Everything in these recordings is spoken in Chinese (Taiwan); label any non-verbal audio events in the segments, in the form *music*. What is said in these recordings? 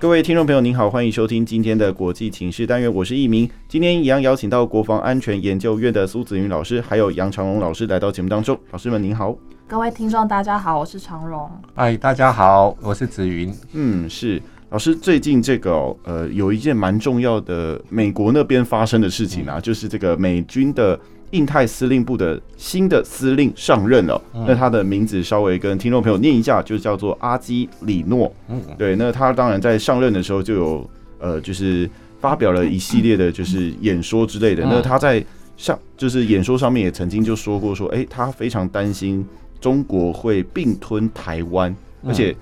各位聽眾朋友，您好，歡迎收聽今天的國際情勢單元。我是一鳴，今天一樣邀請到國防安全研究院的蘇紫雲老師，還有楊長蓉老師來到節目當中。老師們，您好！各位聽眾，大家好，我是長蓉。嗨，大家好，我是紫雲。嗯，是，老師，最近這個、哦、呃，有一件蠻重要的，美國那邊發生的事情啊，就是這個美軍的。印太司令部的新的司令上任了，那他的名字稍微跟聽眾朋友念一下，就叫做阿基里諾。對，那他當然在上任的時候就有呃，就是發表了一系列的就是演說之類的。那他在上就是演說上面也曾經就說過說，說、欸、誒，他非常擔心中國會併吞台灣，而且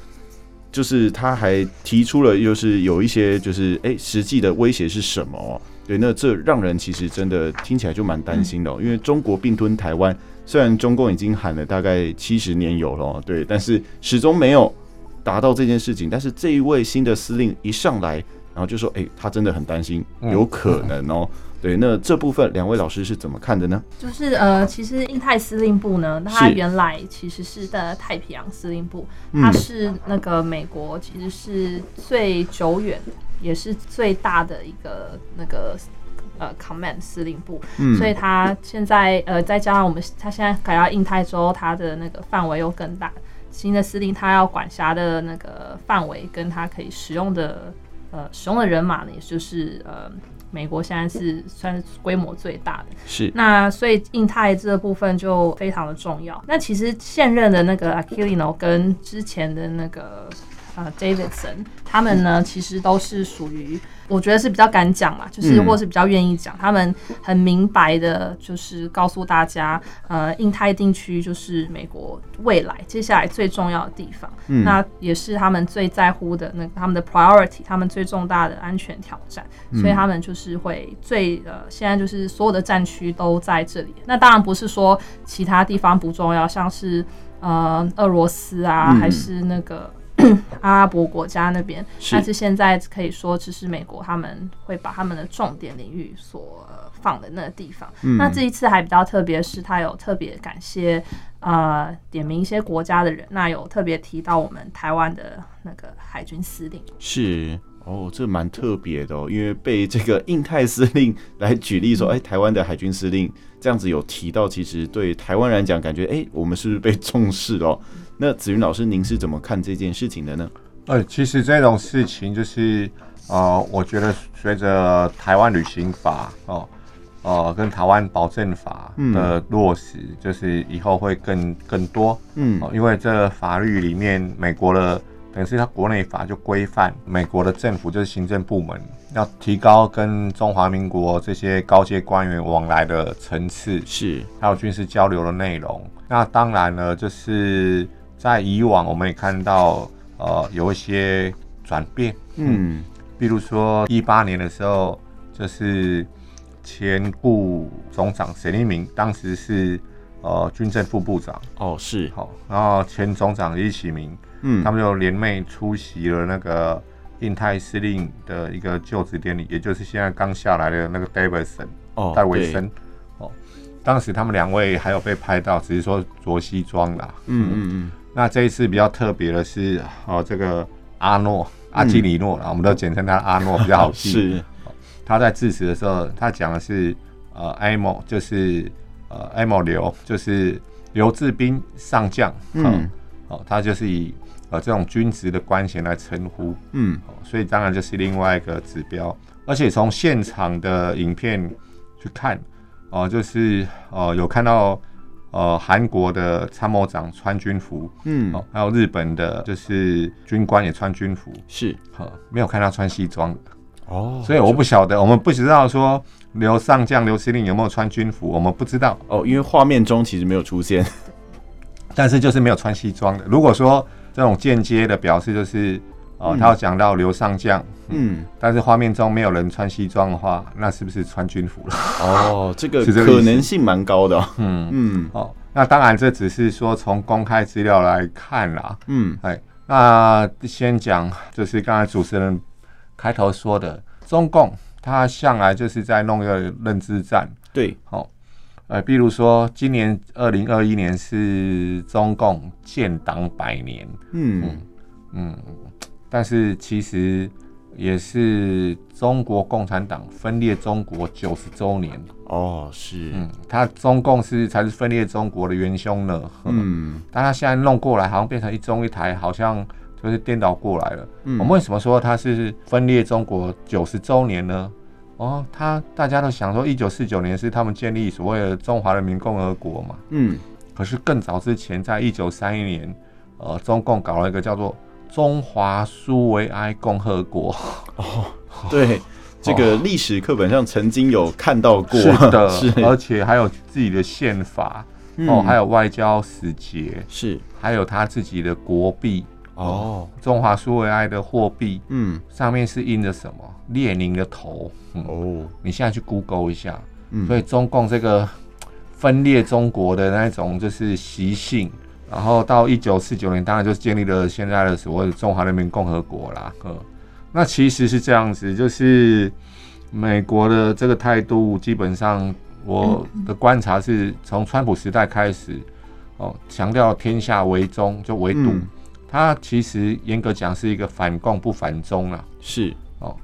就是他還提出了，就是有一些就是誒、欸，實際的威脅是什麼？對，那這讓人其實真的聽起來就蠻擔心的，喔嗯，因為中國併吞台灣，雖然中共已經喊了大概七十年有了，喔，對，但是始終沒有達到這件事情。但是這一位新的司令一上來，然後就說：“哎，欸，他真的很擔心，嗯，有可能哦，喔。”對，那這部分兩位老師是怎麼看的呢？就是呃，其實印太司令部呢，他原來其實是在太平洋司令部，他是那個美國其實是最久遠，也是最大的一個那個呃，command 司令部。嗯，所以他現在呃，再加上我們，他現在改到印太州，他的那個範圍又更大。新的司令他要管轄的那個範圍，跟他可以使用的呃，使用的人馬呢，也就是呃，美國現在是算是規模最大的。是。那所以印太這個部分就非常的重要。那其實現任的那個 Aquilino 跟之前的那個。啊、uh，Davidson、okay。他們呢，其實都是屬於我覺得是比較敢講嘛、嗯，就是或是比較願意講、嗯。他們很明白的，就是告訴大家，呃，印太地區就是美國未來接下來最重要的地方，嗯、那也是他們最在乎的，那個他們的 priority，他們最重大的安全挑戰。所以他們就是會最呃，現在就是所有的戰區都在這裡。那當然不是說其他地方不重要，像是呃俄羅斯啊、嗯，還是那個。 *coughs* 阿拉伯國家那邊，但是現在可以說，其實美國他們會把他們的重點領域所放的那個地方。嗯、那這一次還比較特別，是他有特別感謝，呃，點名一些國家的人，那有特別提到我們台灣的那個海軍司令。是哦，這蠻特別的、哦、因為被這個印太司令來舉例說，哎、嗯欸，台灣的海軍司令這樣子有提到，其實對台灣人講，感覺哎、欸，我們是不是被重視了？那紫雲老師，您是怎麼看這件事情的呢？呃，其實這種事情就是，呃，我覺得隨着台灣旅行法哦，呃，跟台灣保證法的落實，就是以後會更更多，嗯，因為這法律裡面，美國的等於是它國內法就規範美國的政府就是行政部門要提高跟中華民國這些高階官員往來的層次，是，還有軍事交流的內容。那當然了，就是。在以往我們也看到，呃，有一些轉變，嗯，嗯，比如說一八年的時候，就是前部總長沈一鳴，當時是呃軍政副部長哦，是好，哦，然後前總長李啟明，嗯，他們就聯袂出席了那個印太司令的一個就職典禮，也就是現在剛下來的那個戴維森哦，戴維森哦，當時他們兩位還有被拍到，只是說着西裝啦，嗯嗯嗯。那這一次比較特別的是，哦、啊，這個阿諾阿基里諾、嗯啊、我們都簡稱他的阿諾比較好記。啊、他在致辭的時候，他講的是，呃，Amo 就是呃，Amo 劉就是劉志斌上將、啊。嗯，哦、啊，他就是以呃這種軍職的官銜來稱呼。嗯、啊，所以當然就是另外一個指標，而且從現場的影片去看，哦、啊，就是哦、啊、有看到。呃，韓國的參謀長穿軍服，嗯，還有日本的，就是軍官也穿軍服，是，哈，沒有看到穿西裝的，哦，所以我不曉得，我們不知道說劉上將、劉司令有沒有穿軍服，我們不知道，哦，因為畫面中其實沒有出現， *laughs* 但是就是沒有穿西裝的。如果說這種間接的表示，就是。哦、oh, 嗯，他要講到劉上將、嗯，嗯，但是畫面中沒有人穿西裝的話，那是不是穿軍服了？哦， *laughs* 這個可能性蠻高的、哦，嗯嗯。哦、oh,，那當然這只是說從公開資料來看啦，嗯，哎，那先講就是剛才主持人開頭說的，嗯、中共他向來就是在弄一個認知戰，對，好、oh,，呃，比如說今年二零二一年是中共建黨百年，嗯嗯。嗯但是其實也是中國共產黨分裂中國九十周年哦，是，嗯，他中共是才是分裂中國的元凶呢，嗯，但他現在弄過來好像變成一中一台，好像就是顛倒過來了。嗯，我們為什麼說他是分裂中國九十周年呢？哦，他大家都想說一九四九年是他們建立所謂的中華人民共和國嘛，嗯，可是更早之前，在一九三一年，呃，中共搞了一個叫做。中華蘇維埃共和國哦，對，這個歷史課本上曾經有看到過，是的，是，而且還有自己的憲法哦、嗯，還有外交使節，是，還有他自己的國幣哦，中華蘇維埃的貨幣，嗯，上面是印着什麼？列寧的頭、嗯、哦，你現在去 Google 一下、嗯，所以中共這個分裂中國的那種就是習性。然後到一九四九年，當然就是建立了現在的所謂的中華人民共和國啦。嗯，那其實是這樣子，就是美國的這個態度，基本上我的觀察是從川普時代開始，哦，強調天下為中，就為獨他、嗯、其實嚴格講是一個反共不反中啦。是哦、嗯，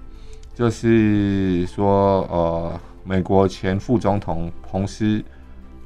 就是說，呃，美國前副總統彭斯，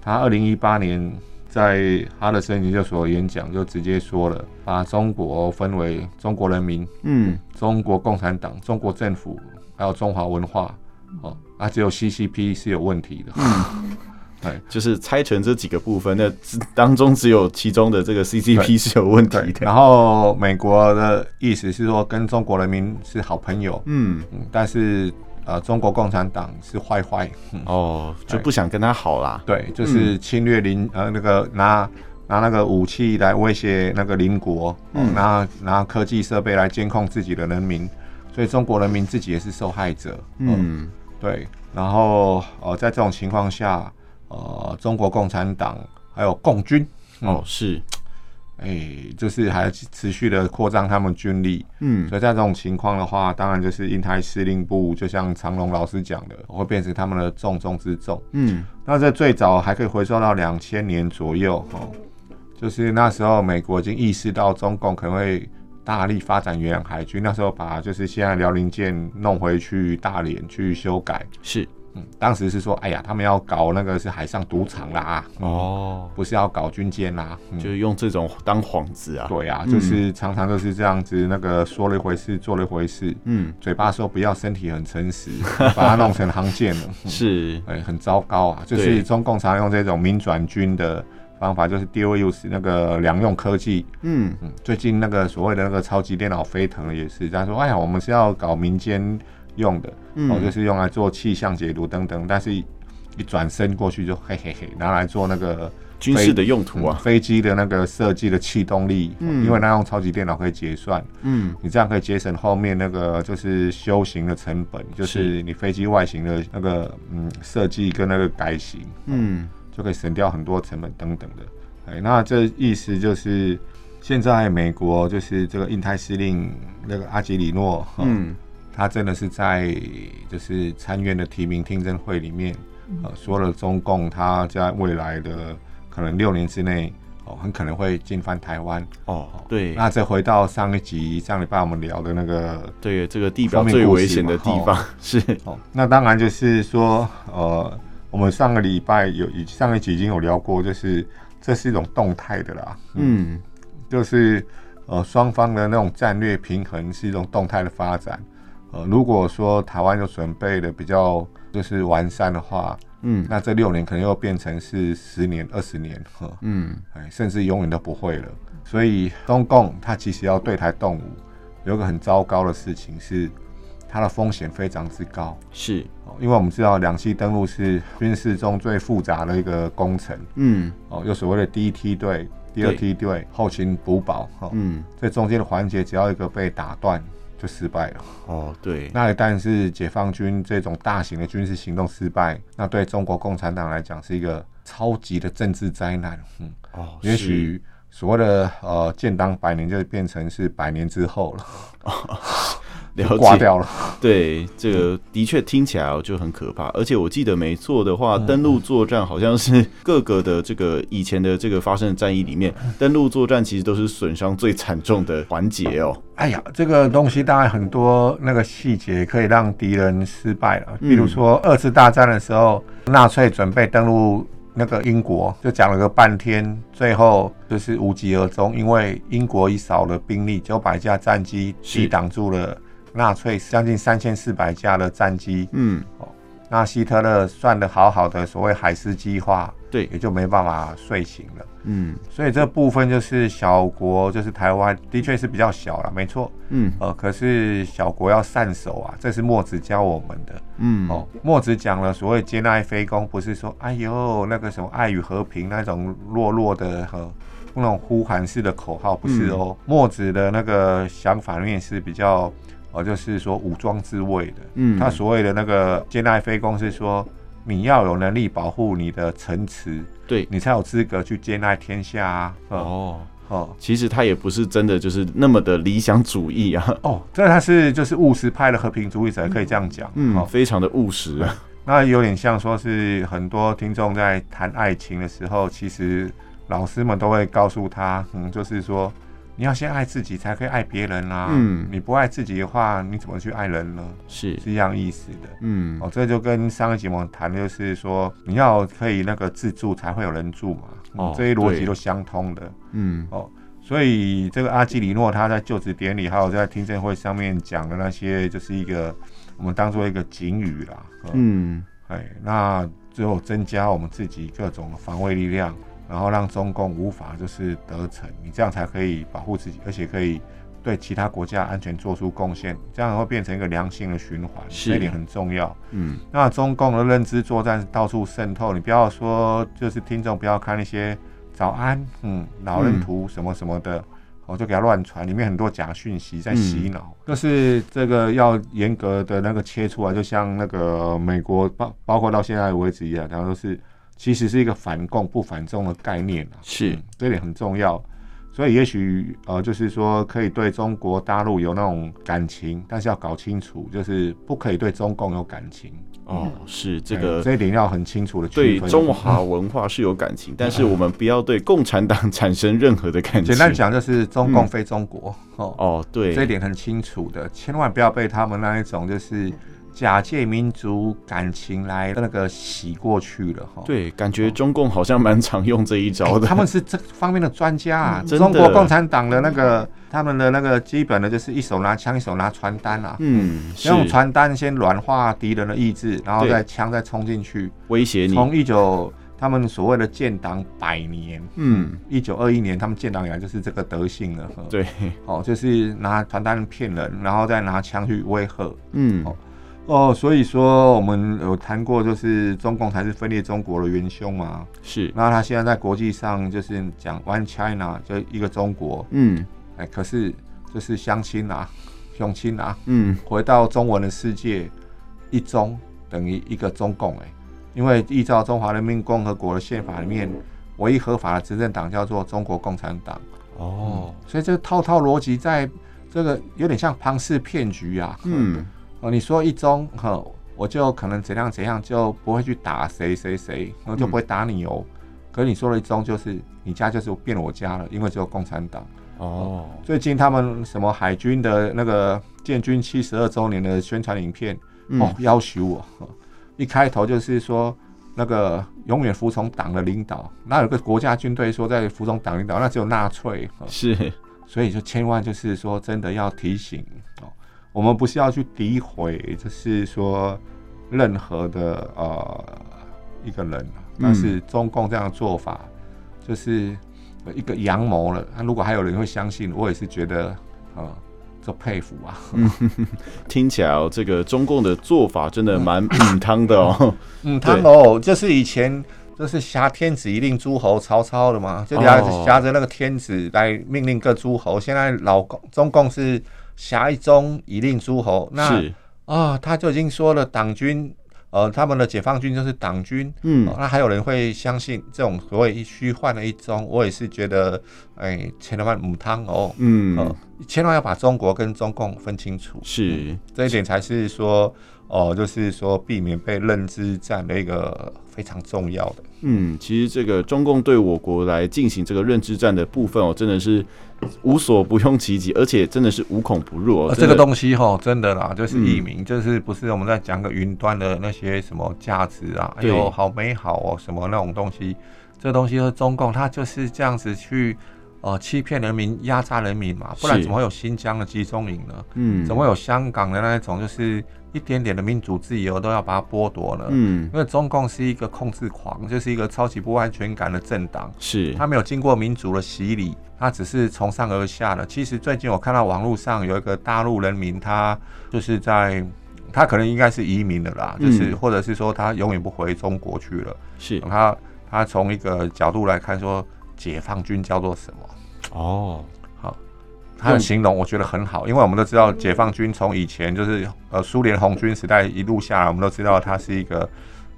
他二零一八年。在哈德森研究所演講就直接說了，把中國分為中國人民，嗯，中國共產黨、中國政府，還有中華文化，哦，啊，只有 CCP 是有問題的，嗯，對，就是拆成這幾個部分，那當中只有其中的這個 CCP 是有問題的。然後美國的意思是說跟中國人民是好朋友，嗯，嗯，但是。呃，中國共產黨是壞壞，哦、嗯 Oh，就不想跟他好啦。對，就是侵略鄰、嗯、呃那個拿拿那個武器來威脅那個鄰國，嗯哦、拿拿科技設備來監控自己的人民，所以中國人民自己也是受害者。哦、嗯，對。然後呃，在這種情況下，呃，中國共產黨還有共軍，嗯、哦，是。哎、欸，就是還持續的擴張他們軍力，嗯，所以在這種情況的話，當然就是印太司令部，就像長蓉老師講的，會變成他們的重中之重，嗯。那在最早還可以回收到兩千年左右，哈、哦，就是那時候美國已經意識到中共可能會大力發展遠洋海軍，那時候把就是現在遼寧艦弄回去大連去修改，是。嗯、當時是說，哎呀，他們要搞那個是海上賭場啦、啊，哦、嗯，oh. 不是要搞軍艦啦、啊嗯，就是用這種當幌子啊。嗯、對呀、啊，就是常常就是這樣子，那個說了一回事，做了一回事，嗯，嘴巴說不要，身體很誠實， *laughs* 把它弄成航艦了。嗯、 *laughs* 是，哎、欸，很糟糕啊。就是中共常用這種民轉軍的方法，就是 Dual Use 那個兩用科技，嗯嗯，最近那個所謂的那個超級電腦飛騰也是，他說，哎呀，我們是要搞民間。用的，我、嗯哦、就是用來做氣象解讀等等，但是一轉身過去就嘿嘿嘿，拿來做那個軍事的用途啊，嗯、飛機的那個設計的氣動力，嗯，因為它用超級電腦可以結算，嗯，你這樣可以節省後面那個就是修型的成本，就是你飛機外形的那個嗯設計跟那個改型，哦、嗯，就可以省掉很多成本等等的，哎，那這意思就是現在美國就是這個印太司令那個阿基里諾、哦，嗯。他真的是在就是參院的提名聽證會裡面，呃，說了中共他在未來的可能六年之內，哦，很可能會進犯台灣。哦，對。那再回到上一集上禮拜我們聊的那個，對，這個地方最危險的地方是哦。是 *laughs* 那當然就是說，呃，我們上個禮拜有上一集已經有聊過，就是這是一種動態的啦。嗯，嗯就是呃，雙方的那種戰略平衡是一種動態的發展。如果說台灣有準備的比較就是完善的話，嗯，那這六年可能又變成是十年、二十年，呵嗯，哎，甚至永遠都不會了。所以，中共他其實要對台動武，有一個很糟糕的事情是，它的風險非常之高。是，因為我們知道兩棲登陸是軍事中最複雜的一個工程，嗯，哦、呃，又所謂的第一梯隊、第二梯隊、後勤補保，哈、呃，嗯，這中間的環節只要一個被打斷。就失敗了哦，oh, 對。那一旦是解放軍這種大型的軍事行動失敗，那對中國共產黨來講是一個超級的政治災難。哦、oh, 是，也許所謂的呃建黨百年，就變成是百年之後了。Oh. 掛掉了，對，這個的確聽起來就很可怕。而且我記得沒錯的話，登陸作戰好像是各個的這個以前的這個發生的戰役裡面，登陸作戰其實都是損傷最慘重的環節哦。哎呀，這個東西當然很多那個細節可以讓敵人失敗了，比如說二次大戰的時候，納粹準備登陸那個英國，就講了個半天，最後就是無疾而終，因為英國一少了兵力，就把一架戰機抵擋住了。納粹將近三千四百架的戰機，嗯，哦，那希特勒算得好好的所謂海獅計劃，對，也就沒辦法睡醒了，嗯，所以這部分就是小國，就是台灣的確是比較小了，沒錯，嗯，呃，可是小國要善守啊，這是墨子教我們的，嗯，哦，墨子講了所謂兼愛非攻，不是說哎呦那個什麼愛與和平那種弱弱的和、呃、那種呼喊式的口號，不是哦，墨、嗯、子的那個想法裡面是比較。就是說武裝自衛的，嗯，他所謂的那個兼愛非攻」，是說，你要有能力保護你的城池，對你才有資格去兼愛天下哦、啊嗯、哦，其實他也不是真的就是那麼的理想主義啊。嗯、哦，這他是就是務實派的和平主義者，可以這樣講，嗯，嗯、哦，非常的務實、啊。那有點像說是很多聽眾在談愛情的時候，其實老師們都會告訴他、嗯，就是說。你要先愛自己，才可以愛別人啦、啊。嗯，你不愛自己的話，你怎麼去愛人呢？是，是這樣意思的。嗯，哦，這就跟上一節目我們談的，就是說你要可以那個自助，才會有人助嘛。哦，嗯、這些邏輯都相通的。嗯，哦，所以這個阿基里諾他在就職典禮、嗯，還有在聽證會上面講的那些，就是一個我們當做一個警語啦。嗯，哎、嗯，那最後增加我們自己各種防衛力量。然後讓中共無法就是得逞，你這樣才可以保護自己，而且可以對其他國家安全做出貢獻，這樣會變成一個良性的循環，這一點很重要。嗯，那中共的認知作戰到處滲透，你不要說就是聽眾不要看那些早安嗯老人圖什麼什麼的，我、嗯哦、就給他亂傳，裡面很多假訊息在洗腦、嗯，就是這個要嚴格的那個切出來，就像那個美國包包括到現在為止一樣，然、就、後是。其實是一個反共不反中的概念啊，是，這一點很重要。所以也許呃，就是說可以對中國大陸有那種感情，但是要搞清楚，就是不可以對中共有感情，嗯。哦，嗯，是這個，這一點要很清楚的。對中華文化是有感情，但是我們不要對共產黨產生任何的感情，哦。簡單講，就是中共非中國，嗯。哦，哦，對，這一點很清楚的，千萬不要被他們那一種就是。假借民族感情來那個洗過去了哈，對，感覺中共好像蠻常用這一招的。欸，他們是這方面的專家啊，真的。中國共產黨的那個他們的那個基本的就是一手拿槍，一手拿傳單啊。嗯，用傳單先軟化敵人的意志，然後再槍再衝進去威脅你。從一九他們所謂的建黨百年，嗯，一九二一年他們建黨以來就是這個德性了。對，哦，就是拿傳單騙人，然後再拿槍去威嚇。嗯。哦、oh，所以說我們有談過，就是中共才是分裂中國的元凶嘛，啊。是，那他現在在國際上就是講 One China，就一個中國。嗯，哎，欸，可是就是鄉親啊，鄉親啊，嗯，回到中文的世界，一中等於一個中共哎，欸，因為依照中華人民共和國的憲法裡面，嗯，唯一合法的執政黨叫做中國共產黨。哦，嗯，所以這套套邏輯在這個有點像龐氏騙局啊。嗯。哦，你說一中呵，我就可能怎樣怎樣，就不會去打誰誰誰，我、嗯、就不會打你哦。可是你說了一中，就是你家就是變我家了，因為只有共產黨哦，哦。最近他們什麼海軍的那個建軍七十二周年的宣傳影片、嗯、哦，要求我，呵，一開頭就是說那個永遠服從黨的領導。那有個國家軍隊說在服從黨領導，那只有納粹。是，所以就千萬就是說真的要提醒哦。我們不是要去詆毀，就是說任何的呃一個人，但是中共這樣的做法就是一個陽謀了。那如果還有人會相信，我也是覺得啊，就、呃、佩服啊。聽起來、哦、這個中共的做法真的蠻硬湯的哦，硬、嗯、湯、嗯、哦，就是以前就是挾天子以令諸侯，曹操的嘛，就是挾着那個天子來命令各諸侯。現在老共中共是。挾一中以令諸侯，那啊、哦，他就已經說了，黨軍，呃，他們的解放軍就是黨軍，嗯、哦，那還有人會相信這種所謂虛幻的一中，我也是覺得。哎，千萬母湯哦，嗯、呃，千萬要把中國跟中共分清楚，是、嗯、這一點才是說哦、呃，就是說避免被認知戰的一個非常重要的。嗯，其實這個中共對我國來進行這個認知戰的部分我、哦、真的是無所不用其極，而且真的是無孔不入、哦。這個東西哈、哦，真的啦，就是移民、嗯，就是不是我們在講個雲端的那些什麼價值啊，還有、哎、好美好哦什麼那種東西，這東西和中共他就是這樣子去。哦、呃，欺騙人民、壓榨人民嘛，不然怎麼會有新疆的集中營呢？嗯，怎麼會有香港的那一種，就是一點點的民主自由都要把它剝奪呢？嗯，因為中共是一個控制狂，就是一個超級不安全感的政黨。是，他沒有經過民主的洗禮，他只是從上而下的。其實最近我看到網絡上有一個大陸人民，他就是在，他可能應該是移民的啦、嗯，就是或者是說他永遠不回中國去了。是，嗯、他他從一個角度來看說，解放軍叫做什麼？哦、Oh，好，他的形容我覺得很好，因為我們都知道解放軍從以前就是呃蘇聯紅軍時代一路下來，我們都知道他是一個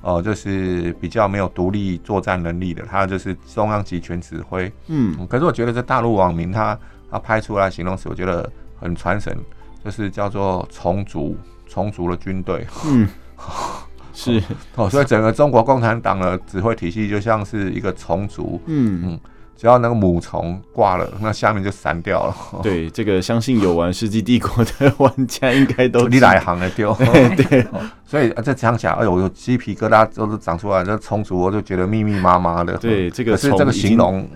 呃就是比較沒有獨立作戰能力的，他就是中央集權指揮、嗯。嗯，可是我覺得這大陸網民他他拍出來形容詞，我覺得很傳神，就是叫做蟲族蟲族的軍隊。嗯，呵呵是、哦，所以整個中國共產黨的指揮體系就像是一個蟲族。嗯嗯。只要那個母蟲掛了，那下面就散掉了。對，這個相信有玩《世紀帝國》的玩家應該都你哪一行的丟？對，所以啊，這講起來，哎呦，我雞皮疙瘩都是長出來。這蟲族，我就覺得密密麻麻的。對，這個是這個形容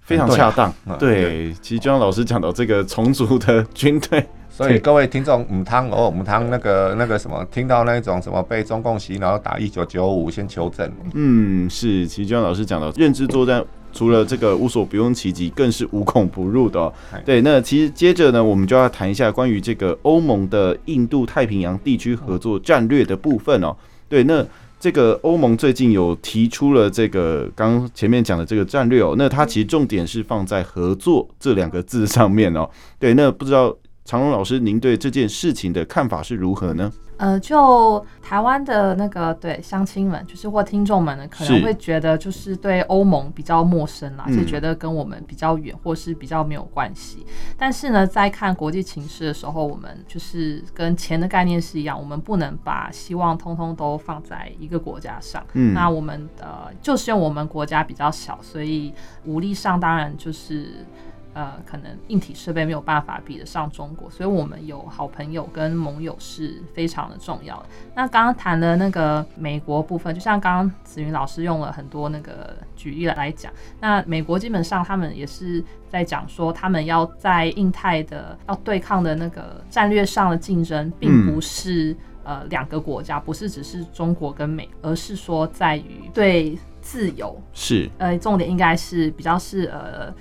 非常恰當。對，對對對其實老師講到這個蟲族的軍隊。所以各位聽眾，母湯哦，母湯那個那個什麼，聽到那種什麼被中共洗腦，然後打一九九五，先求證。嗯，是，其實老師講到認知作戰。除了這個無所不用其極，更是無孔不入的喔。對，那其實接着呢，我們就要談一下關於這個歐盟的印度太平洋地區合作戰略的部分哦喔。對，那這個歐盟最近有提出了這個剛剛前面講的這個戰略哦喔，那它其實重點是放在合作這兩個字上面哦喔。對，那不知道。.長蓉老師，您對這件事情的看法是如何呢？呃，就台灣的那個對鄉親們，就是或聽眾們呢，可能會覺得就是對歐盟比較陌生啦、嗯，就覺得跟我們比較遠，或是比較沒有關係。但是呢，在看國際情勢的時候，我們就是跟錢的概念是一樣，我們不能把希望通通都放在一個國家上。嗯，那我們呃，就是因為我們國家比較小，所以武力上當然就是。呃，可能硬體設備沒有辦法比得上中國，所以我們有好朋友跟盟友是非常的重要的。那剛剛談的那個美國部分，就像剛剛紫雲老師用了很多那個舉例來講，那美國基本上他們也是在講說，他們要在印太的要對抗的那個戰略上的競爭，並不是、嗯、呃兩個國家，不是只是中國跟美，而是說在於對自由是呃重點，應該是比較是呃。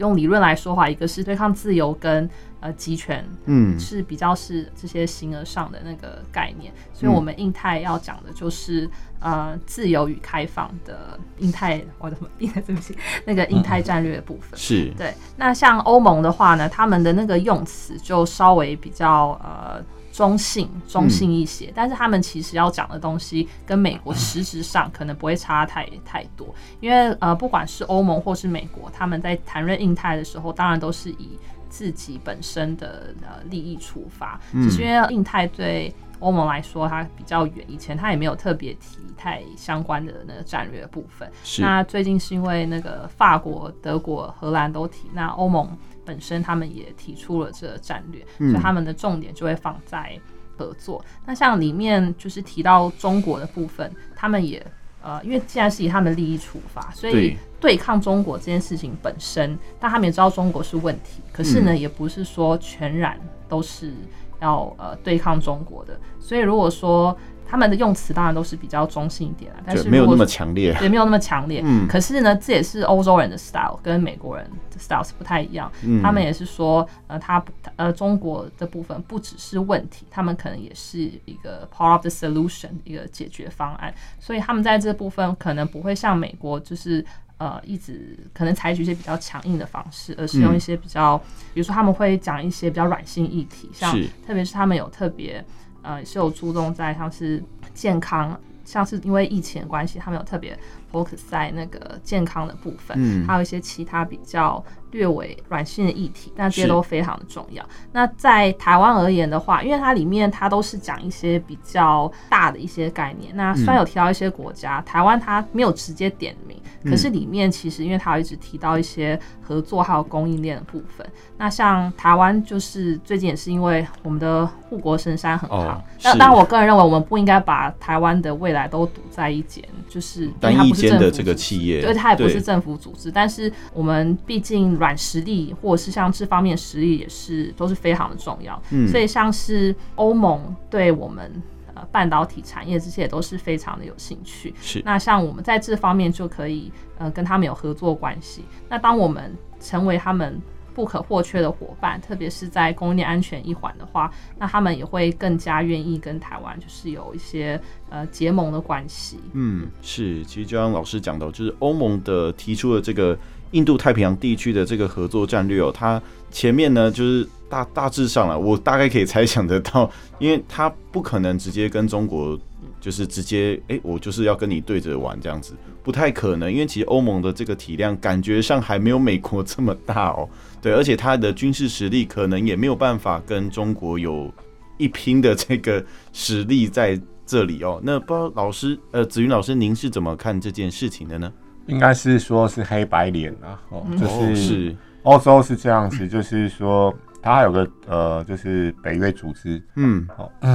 用理論來說話，一個是對抗自由跟呃集權，嗯，是比較是這些形而上的那個概念。所以，我們印太要講的就是、嗯、呃自由與開放的印太，我的印太對不起那個印太戰略的部分、嗯、是對。那像歐盟的話呢，他們的那個用詞就稍微比較呃。中性、中性一些，嗯、但是他們其實要講的東西跟美國實質上可能不會差太太多，因為呃，不管是歐盟或是美國，他們在談論印太的時候，當然都是以自己本身的呃利益出發。就、嗯、是因為印太對歐盟來說它比較遠，以前它也沒有特別提太相關的那個戰略的部分。是。那最近是因為那個法國、德國、荷蘭都提，那歐盟。本身他們也提出了這個戰略，所以他們的重點就會放在合作。嗯、那像裡面就是提到中國的部分，他們也呃，因為既然是以他們的利益出發，所以對抗中國這件事情本身，但他們也知道中國是問題，可是呢，嗯、也不是說全然都是要呃對抗中國的。所以如果說，他們的用詞當然都是比較中性一點啦，但是，對，沒有那麼強烈，也沒有那麼強烈。嗯，可是呢，這也是歐洲人的 style 跟美國人的 style 是不太一樣。嗯，他們也是說，呃，他呃，中國的部分不只是問題，他們可能也是一個 part of the solution 一個解決方案。所以他們在這部分可能不會像美國，就是呃，一直可能採取一些比較強硬的方式，而是用一些比較，嗯，比如說他們會講一些比較軟性議題，像特別是他們有特別。呃，也是有注重在像是健康，像是因為疫情的關係，他們有特別 focus 在那個健康的部分，嗯，還有一些其他比較。略為軟性的議題，那這些都非常的重要。那在台灣而言的話，因為它裡面它都是講一些比較大的一些概念。那雖然有提到一些國家，嗯、台灣它沒有直接點名，可是裡面其實因為它有一直提到一些合作還有供應鏈的部分。嗯、那像台灣就是最近也是因為我們的護國神山很好，那當然我個人認為，我們不應該把台灣的未來都堵在一間，就是單一間的這個企業，對，它也不是政府組織。但是我們畢竟。軟實力或者是像這方面實力也是都是非常的重要，嗯，所以像是歐盟對我們呃半導體產業這些也都是非常的有興趣。是。那像我們在這方面就可以呃跟他們有合作關係。那當我們成為他們不可或缺的夥伴，特別是在供應鏈安全一環的話，那他們也會更加願意跟台灣就是有一些呃結盟的關係。嗯，是，其實就像老師講到，就是歐盟的提出的這個。印度太平洋地區的這個合作戰略哦，它前面呢就是大大致上了，我大概可以猜想得到，因為它不可能直接跟中國就是直接誒，我就是要跟你對着玩這樣子，不太可能。因為其實歐盟的這個體量感覺上還沒有美國這麼大哦，對，而且它的軍事實力可能也沒有辦法跟中國有一拼的這個實力在這裡哦。那不知道老師呃，紫雲老師，您是怎麼看這件事情的呢？應該是說，是黑白臉啊，哦，就是歐洲是這樣子，就是說，它有個呃，就是北約組織，嗯，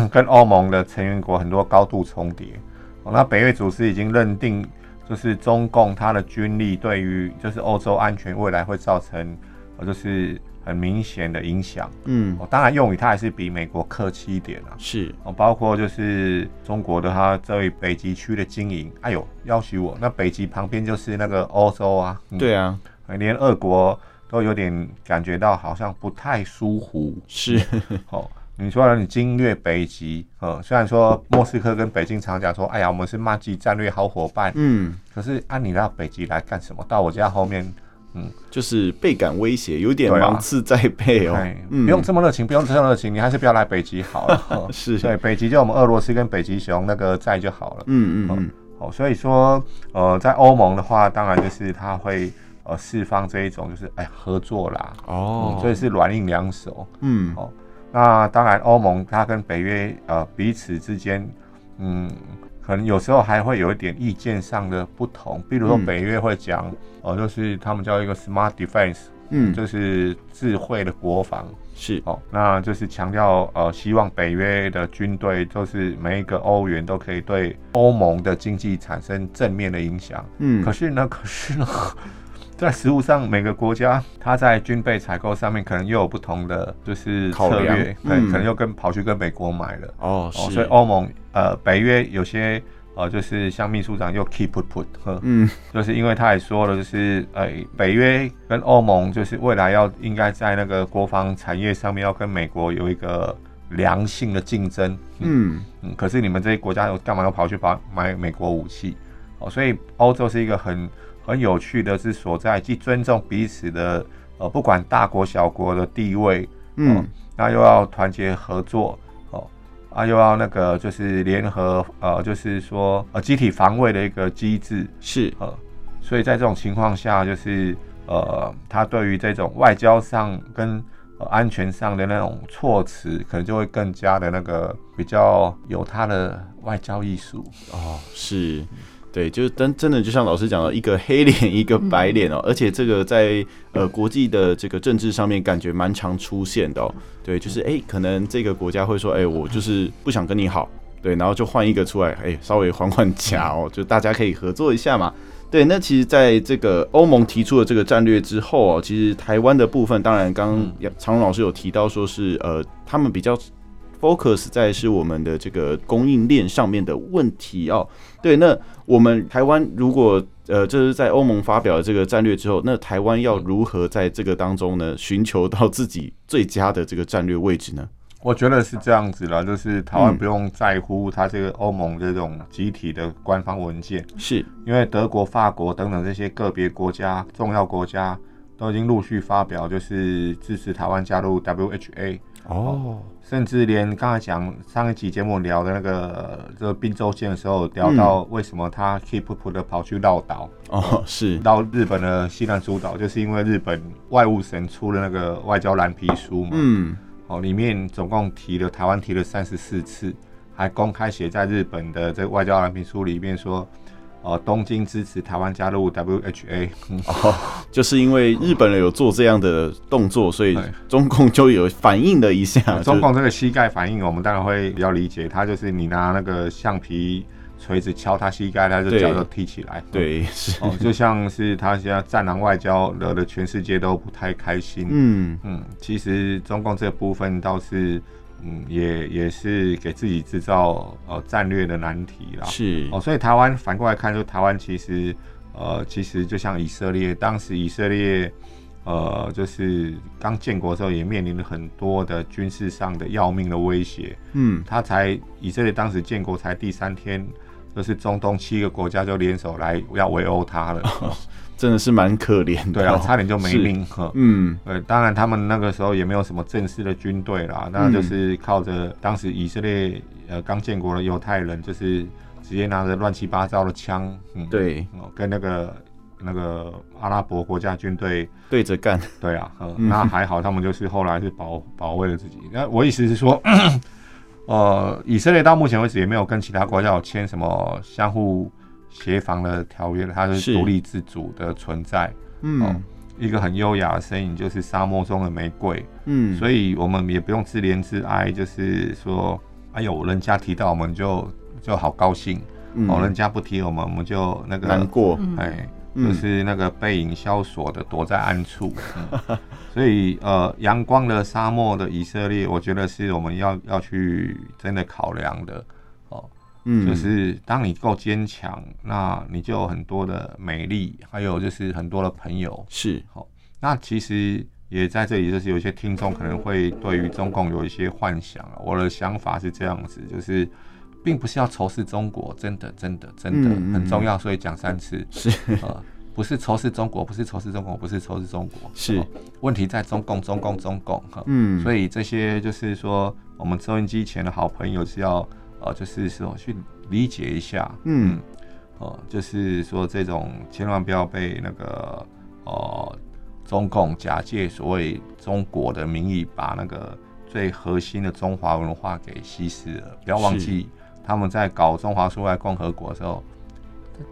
跟歐盟的成員國很多高度重疊，那北約組織已經認定，就是中共它的軍力對於，就是歐洲安全未來會造成，呃，就是。很明顯的影響，嗯，哦，當然用語它還是比美國客氣一點、啊、是，哦，包括就是中國的它這位北極區的經營，哎呦，要挾我，那北極旁邊就是那個歐洲啊，嗯、對啊、哎，連俄國都有點感覺到好像不太舒服，是，哦，你說然你經略北極，嗯，雖然說莫斯科跟北京常講說，哎呀，我們是麻吉戰略好夥伴，嗯，可是啊，你到北極來幹什麼？到我家後面？嗯、就是倍感威脅，有點芒刺在背哦，不用這麼熱情，不用這麼熱情， *laughs* 情，你還是不要來北極好了。 *laughs* 是，對，北極就我們俄羅斯跟北極熊那個在就好了。嗯嗯嗯。好、嗯哦，所以說，呃，在歐盟的話，當然就是他會呃釋放這一種，就是哎合作啦。哦，嗯、所以是軟硬兩手。嗯。好、哦，那當然歐盟它跟北約呃彼此之間，嗯。可能有時候還會有一點意見上的不同，比如說北約會講、嗯，呃，就是他們叫一個 Smart Defense，嗯，就是智慧的國防，是哦、呃，那就是強調呃，希望北約的軍隊就是每一個歐元都可以對歐盟的經濟產生正面的影響，嗯，可是呢，可是呢。在實物上，每個國家它在軍備採購上面可能又有不同的就是策略，可能又跟跑去跟美國買了哦，所以歐盟呃北約有些呃就是像秘書長又 keep put p put 嗯，就是因為他也說了就是、呃、北約跟歐盟就是未來要應該在那個國防產業上面要跟美國有一個良性的競爭，嗯嗯，可是你們這些國家又幹嘛要跑去買買美國武器，所以歐洲是一個很。很有趣的是，所在既尊重彼此的呃，不管大國小國的地位，呃、嗯，那、啊、又要團結合作，哦、呃，啊，又要那個就是聯合，呃，就是說呃，集體防衛的一個機制是、呃，所以在這種情況下，就是呃，他對於這種外交上跟、呃、安全上的那種措辭，可能就會更加的那個比較有他的外交藝術哦，是。對，就是真真的，就像老師講的，一個黑臉，一個白臉哦。而且這個在呃國際的這個政治上面，感覺蠻常出現的哦。對，就是哎、欸，可能這個國家會說，哎、欸，我就是不想跟你好，對，然後就換一個出來，哎、欸，稍微還還價哦，就大家可以合作一下嘛。對，那其實在這個歐盟提出了這個戰略之後哦，其實台灣的部分，當然剛長蓉老師有提到說是呃，他們比較。focus 在是我們的這個供應鏈上面的問題啊、哦，對，那我們台灣如果呃，這、就是在歐盟發表了這個戰略之後，那台灣要如何在這個當中呢，尋求到自己最佳的這個戰略位置呢？我覺得是這樣子啦，就是台灣不用在乎它這個歐盟這種集體的官方文件，是、嗯、因為德國、法國等等這些個別國家、重要國家。都已經陸續發表，就是支持台灣加入 WHA、oh. 哦，甚至連剛才講上一期節目聊的那個、呃、這個濱州線的時候，聊到為什麼他氣撲撲的跑去繞島哦，oh, 是、嗯、到日本的西南諸島，就是因為日本外務省出了那個外交藍皮書嘛，嗯、mm.，哦，裡面總共提了台灣提了三十四次，還公開寫在日本的這個外交藍皮書裡面說。東京支持台灣加入 WHA，、oh, *laughs* 就是因為日本人有做這樣的動作，所以中共就有反應了一下。嗯、中共這個膝蓋反應，我們當然會比較理解，它就是你拿那個橡皮錘子敲他膝蓋，他就腳就踢起來。對，、嗯對，是哦、嗯，就像是他現在戰狼外交惹的全世界都不太開心。嗯嗯，其實中共這部分倒是。嗯，也也是給自己製造呃戰略的難題啦。是哦，所以台灣反過來看，就台灣其實呃其實就像以色列，當時以色列呃就是剛建國的時候，也面臨了很多的軍事上的要命的威脅。嗯，他才以色列當時建國才第三天，就是中東七個國家就聯手來要圍毆他了。呃 *laughs* 真的是蠻可憐的，對啊，差點就沒命哈。嗯，呃，當然他們那個時候也沒有什麼正式的軍隊啦，當、嗯、然就是靠着當時以色列呃剛建國的猶太人，就是直接拿着亂七八糟的槍，嗯、對、呃，跟那個那個阿拉伯國家軍隊對着幹。對啊、嗯，那還好他們就是後來是保保衛了自己。那我意思是說咳咳，呃，以色列到目前為止也沒有跟其他國家有簽什麼相互。協防的條約，它是獨立自主的存在。嗯，嗯，一個很優雅的身影，就是沙漠中的玫瑰。嗯，所以我們也不用自憐自哀，就是說，哎呦，人家提到我們就就好高興。嗯、哦，人家不提我們，我們就那個難過。哎、欸，就是那個背影蕭索的，躲在暗處、嗯嗯。所以，呃，陽光的沙漠的以色列，我覺得是我們要要去真的考量的。嗯、就是當你夠堅強，那你就有很多的美麗，還有就是很多的朋友。是，好、哦，那其實也在這裡，就是有些聽眾可能會對於中共有一些幻想。我的想法是這樣子，就是並不是要仇視中國，真的，真的，真的、嗯、很重要，所以講三次是呃，不是仇視中國，不是仇視中國，不是仇視中國，是、哦、問題在中共，中共，中共，哈、哦，嗯，所以這些就是說，我們收音機前的好朋友是要。呃，就是說去理解一下，嗯，哦、嗯呃，就是說這種千萬不要被那個呃中共假借所謂中國的名義，把那個最核心的中華文化給稀釋了。不要忘記，他們在搞中華蘇維埃共和國的時候，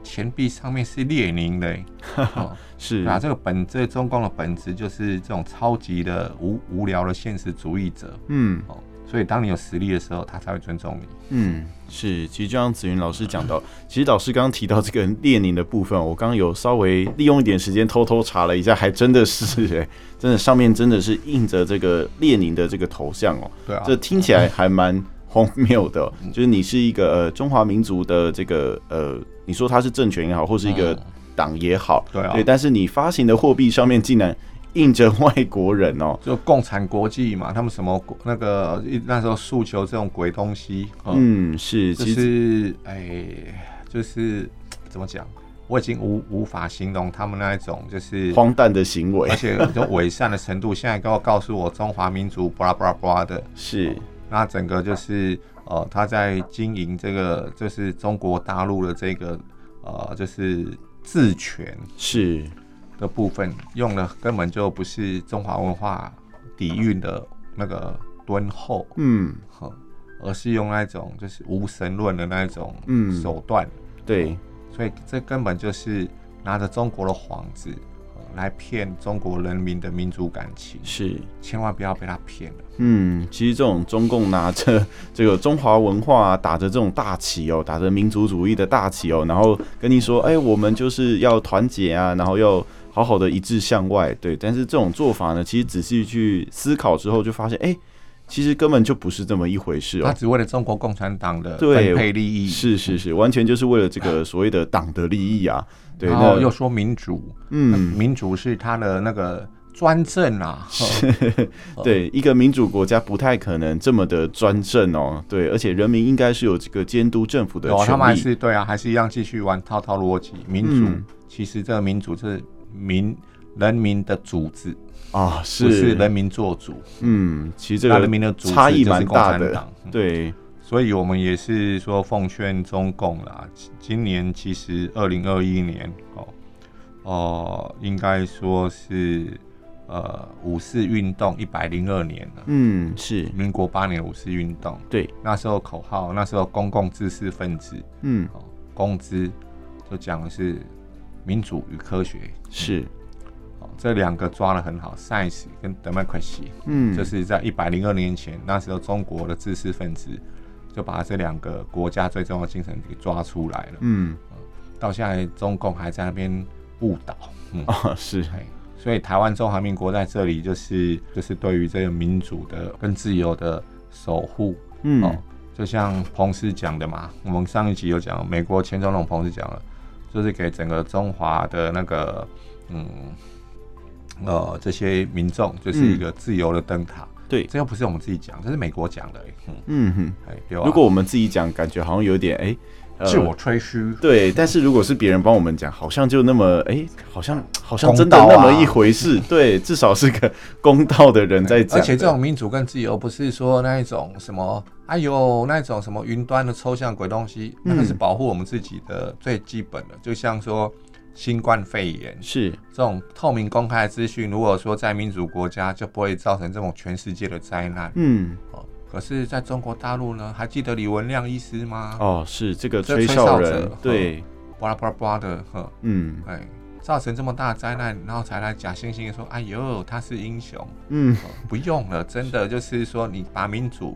錢幣上面是列寧的，呃、 *laughs* 是。啊，這個本質，中共的本質就是這種超級的無無聊的現實主義者，嗯。呃所以，當你有實力的時候，他才會尊重你。嗯，是。其實，就像紫雲老師講到，其實老師剛剛提到這個列寧的部分，我剛剛有稍微利用一點時間偷偷查了一下，還真的是、欸，哎，真的上面真的是印着這個列寧的這個頭像哦、喔。對啊。這聽起來還蠻荒謬的、喔，就是你是一個呃中華民族的這個呃，你說他是政權也好，或是一個黨也好，對啊，對。但是你發行的貨幣上面竟然。印着外國人哦，就共產國際嘛，他們什麼那個那時候訴求這種鬼東西，嗯，是，就是哎、欸，就是怎麼講，我已經無無法形容他們那一種就是荒誕的行為，而且這種偽善的程度。現在告告訴我，中華民族，巴拉巴拉巴拉的，是、嗯，那整個就是呃，他在經營這個，就是中國大陸的這個呃，就是治權，是。的部分用的根本就不是中華文化底蘊的那個敦厚，嗯，呵，而是用那種就是無神論的那一種手段，嗯，對，所以這根本就是拿着中國的幌子。來騙中國人民的民族感情，是千萬不要被他騙了。嗯，其實這種中共拿着這個中華文化啊，打着這種大旗哦，打着民族主義的大旗哦，然後跟你說，哎，我們就是要團結啊，然後要好好的一致向外。對，但是這種做法呢，其實仔細去思考之後就發現，哎。其實根本就不是這麼一回事哦、喔，他只為了中國共產黨的分配利益。對，是是是，完全就是為了這個所謂的黨的利益啊。對，然後又說民主，嗯，民主是他的那個專政啊。對，一個民主國家不太可能這麼的專政哦、喔。對，而且人民應該是有這個監督政府的權利。有，他們還是對啊，還是一樣繼續玩套套邏輯。民主、嗯、其實這個民主是民人民的組織。啊，是，是人民做主。嗯，其實這個差異滿大的。共產黨。對，所以我們也是說奉勸中共啦，今年其實二零二一年哦哦、呃，應該說是呃五四運動一百零二年了。嗯，是民國八年五四運動。對，那時候口號，那時候公共知識分子，嗯，工資就講的是民主與科學。嗯、是。這兩個抓得很好，science 跟 democracy，嗯，就是在一百零二年前，那時候中國的知識分子就把這兩個國家最重要的精神給抓出來了，嗯，嗯到現在中共還在那邊誤導，嗯，哦、是嗯，所以台灣中華民國在這裡就是就是對於這個民主的跟自由的守護、嗯，嗯，就像彭斯講的嘛，我們上一集有講，美國前總統彭斯講了，就是給整個中華的那個，嗯。呃，這些民眾就是一個自由的燈塔、嗯。對，這又不是我們自己講，這是美國講的。嗯、嗯哼、哎對，如果我們自己講，感覺好像有點哎、呃、自我吹噓。對，但是如果是別人幫我們講，好像就那麼哎，好像好像真的那麼一回事、啊。對，至少是個公道的人在講。而且這種民主跟自由，不是說那一種什麼，哎呦，那種什麼雲端的抽象鬼東西，那個、是保護我們自己的最基本的。嗯、就像說。新冠肺炎是這種透明公開的資訊，如果說在民主國家，就不會造成這種全世界的災難。嗯，可是在中國大陸呢？還記得李文亮醫師嗎？哦，是這個吹哨，吹哨人，對，巴拉巴拉巴的，嗯，哎，造成這麼大災難，然後才來假惺惺的說：“哎呦，他是英雄。嗯”嗯、呃，不用了，真的就是說，你把民主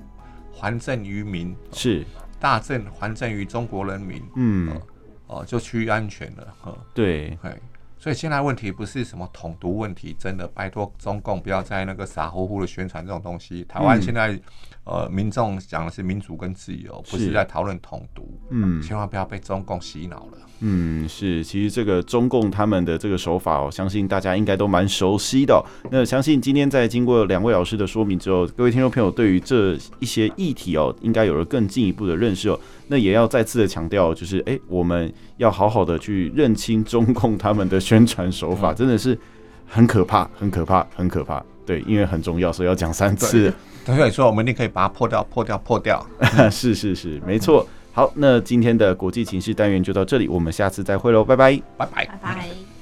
還政於民，是、呃、大政還政於中國人民。嗯。呃哦、呃，就趨於安全了，對，所以現在問題不是什麼統獨問題，真的，拜托中共不要再那個傻乎乎的宣傳這種東西。台灣現在，呃、嗯，民眾講的是民主跟自由，不是在討論統獨。嗯，千萬不要被中共洗腦了。嗯,嗯，是。其實這個中共他們的這個手法，我相信大家應該都蠻熟悉的、喔。那相信今天在經過兩位老師的說明之後，各位聽眾朋友對於這一些議題哦、喔，應該有了更進一步的認識哦、喔。那也要再次的強調，就是哎、欸，我們要好好的去認清中共他們的宣傳手法、嗯，真的是很可怕，很可怕，很可怕。對，因為很重要，所以要講三次對。等於說我們一定可以把它破掉，破掉，破掉。 *laughs* 是是是，沒錯。好，那今天的國際情勢單元就到這裡，我們下次再會嘍，拜拜，拜拜，拜拜。